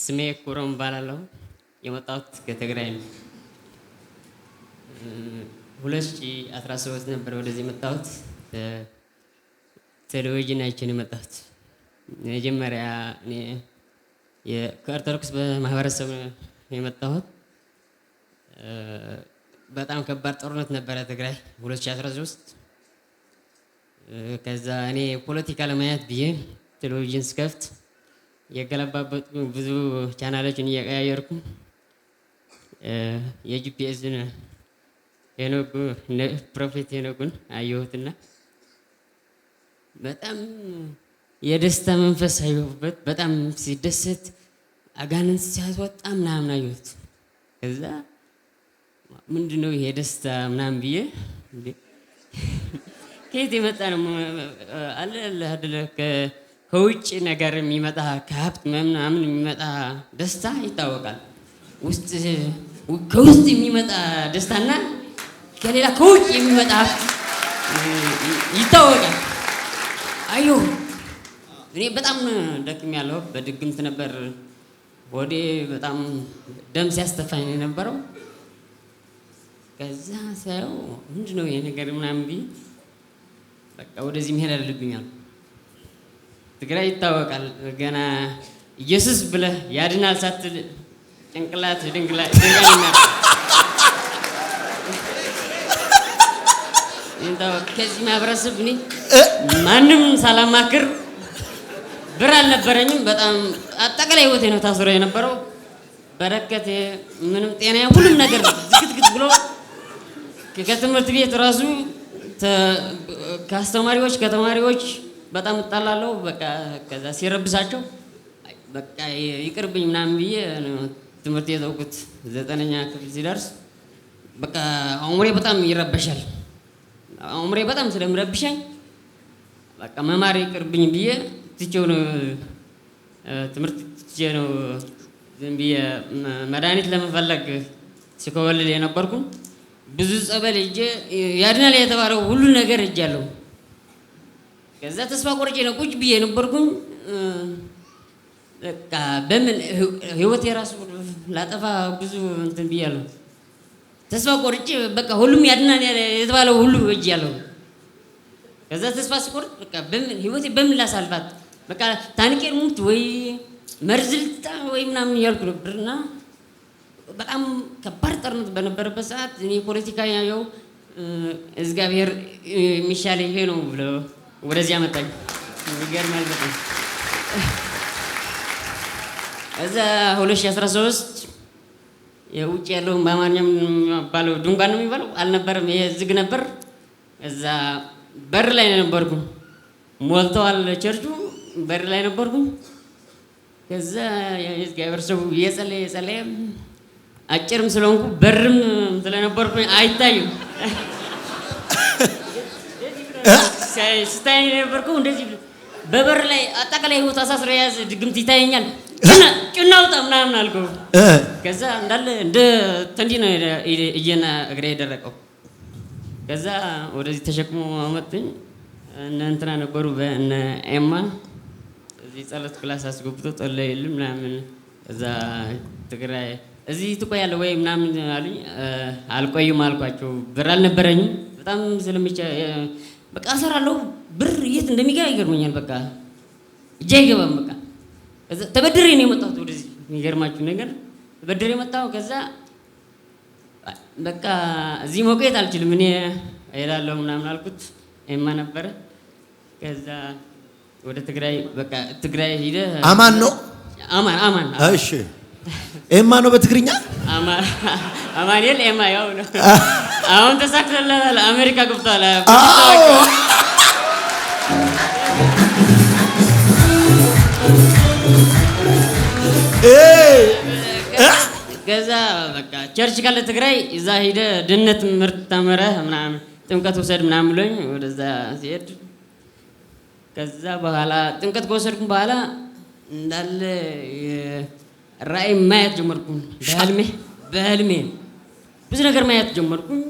ስሜ ኩሮም እባላለሁ። የመጣሁት ከትግራይ ነው። ሁለት ሺህ አስራ ሶስት ነበር ወደዚህ የመጣሁት። ቴሌቪዥን አይቼን የመጣሁት መጀመሪያ ከኦርቶዶክስ በማህበረሰብ የመጣሁት በጣም ከባድ ጦርነት ነበረ ትግራይ 2013 ከዛ እኔ ፖለቲካ ለማየት ብዬ ቴሌቪዥን ስከፍት የገለባበት ብዙ ቻናሎችን እየቀያየርኩ የጂፒኤስን ሄኖጉ ፕሮፌት ሄኖጉን አየሁትና በጣም የደስታ መንፈስ አየሁበት። በጣም ሲደሰት አጋንንት ሲያስወጣ ምናምን አየሁት። ከዛ ምንድነው ይሄ ደስታ ምናምን ብዬ ከየት የመጣ ነው አለ አደለ ከውጭ ነገር የሚመጣ ከሀብት ምናምን የሚመጣ ደስታ ይታወቃል። ከውስጥ የሚመጣ ደስታና ከሌላ ከውጭ የሚመጣ ሀብት ይታወቃል። አዩ እኔ በጣም ደክም ያለው በድግምት ነበር። ወዴ በጣም ደም ሲያስተፋኝ የነበረው። ከዛ ሳየው ምንድነው ይሄ ነገር ምናምን ብዬ በቃ ወደዚህ መሄድ አለብኛል ትግራይ ይታወቃል። ገና ኢየሱስ ብለህ ያድናል ሳትል ጭንቅላት ድንግላ ከዚህ ማህበረሰብ እኔ ማንም ሳላማክር ብር አልነበረኝም። በጣም አጠቃላይ ህይወቴ ነው ታስሮ የነበረው። በረከት ምንም ጤና ሁሉም ነገር ዝግትግት ብሎ ከትምህርት ቤት ራሱ ከአስተማሪዎች ከተማሪዎች በጣም እጣላለሁ። በቃ ከዛ ሲረብሳቸው በቃ ይቅርብኝ ምናምን ብዬ ትምህርት የተውኩት ዘጠነኛ ክፍል ሲደርስ በቃ አእምሬ በጣም ይረበሻል። አእምሬ በጣም ስለምረብሻኝ በቃ መማር ይቅርብኝ ብዬ ትቼው ነው ትምህርት ትቼ ነው ዝም ብዬ መድኃኒት ለመፈለግ ሲኮበልል የነበርኩ ብዙ ጸበል እጄ ያድናል የተባለው ሁሉ ነገር እጃለሁ ከዛ ተስፋ ቆርጬ ነው ቁጭ ብዬ ነበርኩኝ። በቃ በምን ህይወት የራሱ ላጠፋ ብዙ እንትን ብያለሁ። ተስፋ ቆርጬ በቃ ሁሉም ያድናን የተባለው ሁሉ እጅ ያለው ከዛ ተስፋ ስቆርጥ በቃ በምን ህይወቴ በምን ላሳልፋት በቃ ታንቄ ሙት ወይ መርዝ ልጣ ወይ ምናምን እያልኩ ነበርና በጣም ከባድ ጦርነት በነበረበት ሰዓት እኔ ፖለቲካ ያየው እግዚአብሔር የሚሻለኝ ይሄ ነው ብለው ወደዚህ አመጣኝ። ይገርማል በጣም እዛ 2013 የውጭ ያለውን በአማርኛ የሚባለው ድንኳን ነው የሚባለው አልነበረም። ይሄ ዝግ ነበር። እዛ በር ላይ ነበርኩ። ሞልተዋል። ቸርቹ በር ላይ ነበርኩ። ከዛ የእግዚአብሔር ሰው እየጸለየ እየጸለየ አጭርም ስለሆንኩ በርም ስለነበርኩ አይታይም። ስታይ የነበርከው እንደዚህ በበር ላይ አጠቃላይ ህይወት አሳስሮ የያዘ ድግምት ይታየኛል። ጭና ውጣ ምናምን አልከው። ከዛ እንዳለ እንደ ተንዲ ነው እየና እግሬ የደረቀው። ከዛ ወደዚህ ተሸክሞ አመጡኝ። እነ እንትና ነበሩ በእነ ኤማ እዚህ ጸሎት ክላስ አስገብቶ ጸለዩልኝ ምናምን። እዛ ትግራይ እዚህ ትቆያለህ ወይ ምናምን አሉኝ። አልቆይም አልኳቸው። ብር አልነበረኝም በጣም ስለሚቻ በቃ እሰራለሁ። ብር የት እንደሚገባ ይገርመኛል። በቃ እጄ አይገባም። በቃ ተበድሬ ነው የመጣሁት ወደዚህ። የሚገርማችሁ ነገር ተበድሬ የመጣሁ ከዛ በቃ እዚህ መቆየት አልችልም እኔ እሄዳለሁ ምናምን አልኩት። ይማ ነበረ ከዛ ወደ ትግራይ በቃ ትግራይ ሂደህ አማን ነው አማን አማን እሺ ኤማ ነው በትግርኛ አማኑኤል ኤማ ያው ነው። አሁን ተሳክቶለታል፣ አሜሪካ ገብቷል። ከዛ በቃ ቸርች ካለ ትግራይ እዛ ሂደ ድነት ምርት ተምረ ምናምን ጥምቀት ውሰድ ምናምን ብሎኝ ወደዛ ሲሄድ ከዛ በኋላ ጥምቀት ከወሰድኩም በኋላ እንዳለ ራእይ ማየት ጀመርኩኝ። በህልሜ በህልሜ ብዙ ነገር ማየት ጀመርኩኝ፣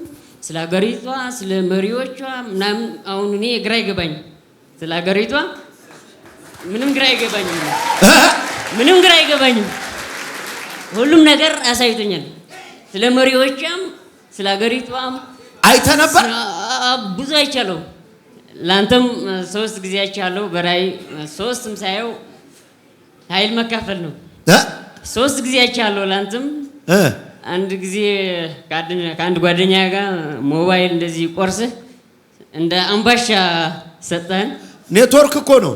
ስለ ሀገሪቷ፣ ስለ መሪዎቿ ምናምን። አሁን እኔ ግራ ይገባኝ፣ ስለ ሀገሪቷ ምንም ግራ አይገባኝም፣ ምንም ግራ አይገባኝም። ሁሉም ነገር አሳይቶኛል፣ ስለ መሪዎቿም፣ ስለ ሀገሪቷም አይተ ነበር። ብዙ አይቻለሁ። ለአንተም ሶስት ጊዜ አይቻለሁ በራእይ። ሶስትም ሳየው ኃይል መካፈል ነው ሶስት ጊዜ አይቻለሁ። ላንተም አንድ ጊዜ ከአንድ ጓደኛ ጋር ሞባይል እንደዚህ ቆርስ እንደ አምባሻ ሰጠህን። ኔትወርክ እኮ ነው።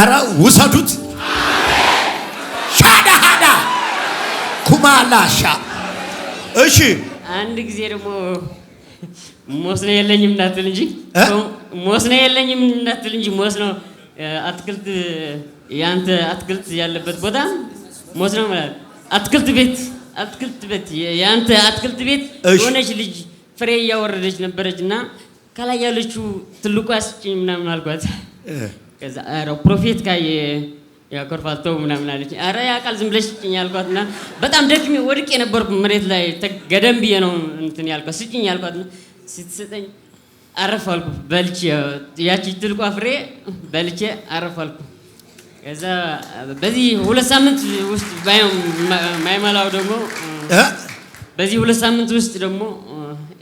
አረ ውሰዱት። ሻዳሃዳ ኩማላሻ። እሺ አንድ ጊዜ ደግሞ ሞስነ የለኝም እንዳትል እንጂ ሞስና የለኝም እንዳትል እንጂ ሞስ አትክልት፣ የአንተ አትክልት ያለበት ቦታ ሞስ ማለት አትክልት ቤት አትክልት ቤት የአንተ አትክልት ቤት የሆነች ልጅ ፍሬ እያወረደች ነበረች እና ከላይ ያለችው ትልቁ አስጭኝ ምናምን አልኳት። ከዛ ኧረ ፕሮፌት ካየ ያኮርፋል ተው ምናምን አለች። ኧረ ያውቃል ዝም ብለሽ ስጭኝ አልኳት እና በጣም ደክሜ ወድቄ ነበርኩ መሬት ላይ ገደም ብዬ ነው እንትን ያልኳት ስጭኝ ያልኳት ስትሰጠኝ አረፋልኩ አልኩ በልቼ ያቺ ትልቋ ፍሬ በልቼ አረፋልኩ። ከዛ በዚህ ሁለት ሳምንት ውስጥ ማይመላው ደግሞ በዚህ ሁለት ሳምንት ውስጥ ደግሞ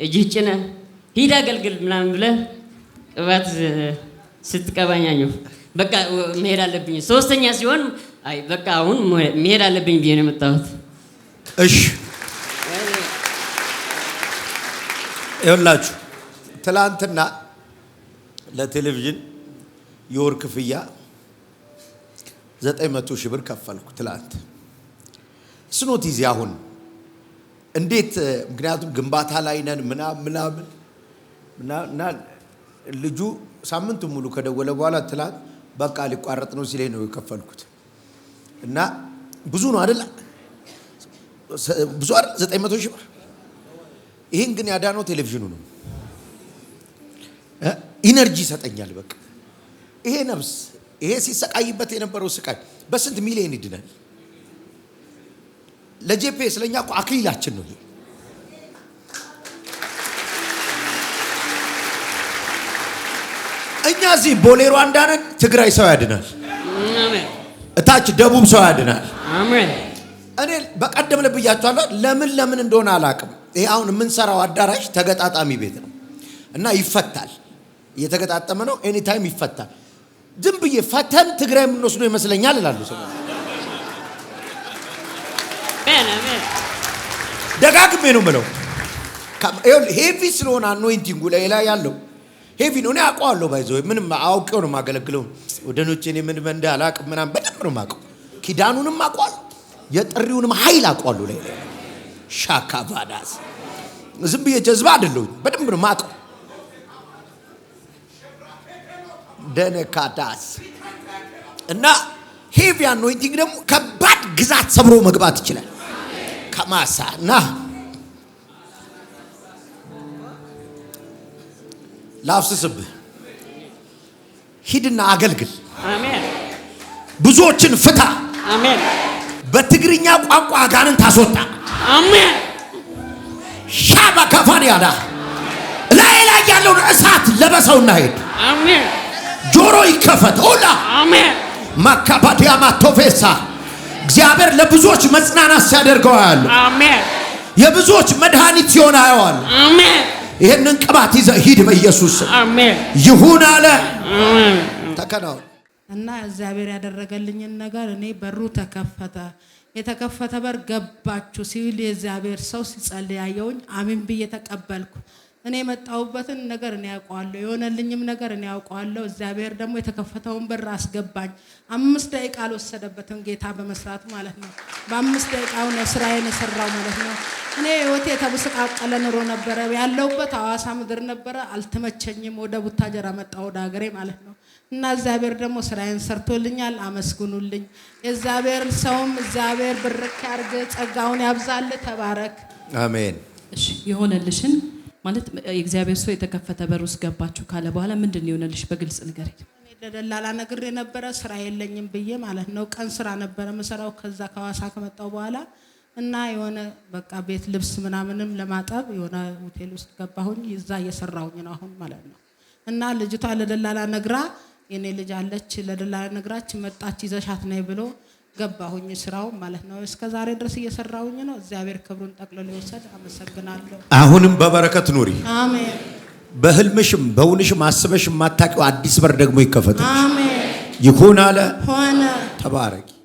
እጅህ ጭነ ሂድ አገልግል ምናምን ብለ ቅባት ስትቀባኛኘው በቃ መሄድ አለብኝ። ሶስተኛ ሲሆን አይ በቃ አሁን መሄድ አለብኝ ብዬ ነው የመጣሁት። እሺ ይኸውላችሁ ትላንትና ለቴሌቪዥን የወር ክፍያ 900 ሺህ ብር ከፈልኩ ትላንት። ስኖት ይዜ አሁን እንዴት ምክንያቱም ግንባታ ላይ ነን ምናምን እና ልጁ ሳምንቱ ሙሉ ከደወለ በኋላ ትላንት በቃ ሊቋረጥ ነው ሲለኝ ነው የከፈልኩት። እና ብዙ ነው አደላ ብዙ አይደል? 900 ሺህ ብር። ይህን ግን ያዳነው ቴሌቪዥኑ ነው። ኢነርጂ ይሰጠኛል። በቃ ይሄ ነፍስ ይሄ ሲሰቃይበት የነበረው ስቃይ በስንት ሚሊዮን ይድናል። ለጄፒኤስ ለእኛ እኮ አክሊላችን ነው። እኛ እዚህ ቦሌ ሩዋንዳ ነን። ትግራይ ሰው ያድናል፣ እታች ደቡብ ሰው ያድናል። እኔ በቀደም ልብያቸኋለሁ። ለምን ለምን እንደሆነ አላቅም። ይሄ አሁን የምንሰራው አዳራሽ ተገጣጣሚ ቤት ነው እና ይፈታል እየተገጣጠመ ነው። ኤኒ ታይም ይፈታል። ዝም ብዬ ፈተን ትግራይ የምንወስዶ ይመስለኛል እላሉ። ደጋግሜ ነው ምለው። ሄቪ ስለሆነ አኖይንቲንጉ ላይ ላይ ያለው ሄቪ ነው። እኔ አውቀዋለሁ። ባይዘ ምንም አውቄው ነው የማገለግለው። ወደኖቼ እኔ ምን መንደ አላቅ ምናም በደንብ ነው የማውቀው። ኪዳኑንም አውቀዋለሁ፣ የጥሪውንም ኃይል አውቀዋለሁ። ላይ ሻካ ባዳስ ዝም ብዬ ጀዝባ አይደለሁኝ። በደንብ ነው የማውቀው ደነካዳስ እና ሄቪ አኖይንቲንግ ደግሞ ከባድ ግዛት ሰብሮ መግባት ይችላል። ከማሳ እና ላፍስስብ ሂድና አገልግል፣ ብዙዎችን ፍታ፣ በትግርኛ ቋንቋ ጋንን ታስወጣ። ሻባ ከፋን ያዳ ላይ ላይ ያለውን እሳት ለበሰውና ሄድ ጆሮ ይከፈት። ሁላ አሜን። ማካባዲያ ማቶፌሳ እግዚአብሔር ለብዙዎች መጽናናት ሲያደርገው አሜን። የብዙዎች መድኃኒት ሲሆን አየዋለሁ። አሜን። ይህንን ቅባት ይዘ ሂድ በኢየሱስ አሜን። ይሁን አለ። ተከናወን እና እግዚአብሔር ያደረገልኝን ነገር እኔ በሩ ተከፈተ የተከፈተ በር ገባችሁ ሲል የእግዚአብሔር ሰው ሲጸልያየውኝ አሜን ብዬ ተቀበልኩ። እኔ የመጣሁበትን ነገር እኔ ያውቀዋለሁ፣ የሆነልኝም ነገር እኔ ያውቀዋለሁ። እግዚአብሔር ደግሞ የተከፈተውን በር አስገባኝ። አምስት ደቂቃ አልወሰደበትም ጌታ በመስራት ማለት ነው። በአምስት ደቂቃ ነው ስራዬን የሰራው ማለት ነው። እኔ ህይወቴ የተበሰቃቀለ ኑሮ ነበረ። ያለሁበት ሐዋሳ ምድር ነበረ፣ አልተመቸኝም። ወደ ቡታጀራ መጣሁ፣ ወደ ሀገሬ ማለት ነው። እና እግዚአብሔር ደግሞ ስራዬን ሰርቶልኛል። አመስግኑልኝ። የእግዚአብሔር ሰውም እግዚአብሔር ብርክ ያርግ፣ ጸጋውን ያብዛል። ተባረክ። አሜን። የሆነልሽን ማለት የእግዚአብሔር ሰው የተከፈተ በር ውስጥ ገባችሁ ካለ በኋላ ምንድን ነው የሆነልሽ? በግልጽ ንገሪ። ለደላላ ነግሬ ነበረ ስራ የለኝም ብዬ ማለት ነው። ቀን ስራ ነበረ መሰራው ከዛ ከዋሳ ከመጣው በኋላ እና የሆነ በቃ ቤት ልብስ ምናምንም ለማጠብ የሆነ ሆቴል ውስጥ ገባሁኝ። እዛ እየሰራሁኝ ነው አሁን ማለት ነው። እና ልጅቷ ለደላላ ነግራ የኔ ልጅ አለች ለደላላ ነግራች መጣች ይዘሻት ነይ ብሎ ገባሁኝ ስራው ማለት ነው። እስከ ዛሬ ድረስ እየሰራሁኝ ነው። እግዚአብሔር ክብሩን ጠቅሎ ሊወሰድ አመሰግናለሁ። አሁንም በበረከት ኑሪ። አሜን። በህልምሽም በውንሽም አስበሽ የማታውቂው አዲስ በር ደግሞ ይከፈት። አሜን። ይሁን አለ ሆነ። ተባረኪ።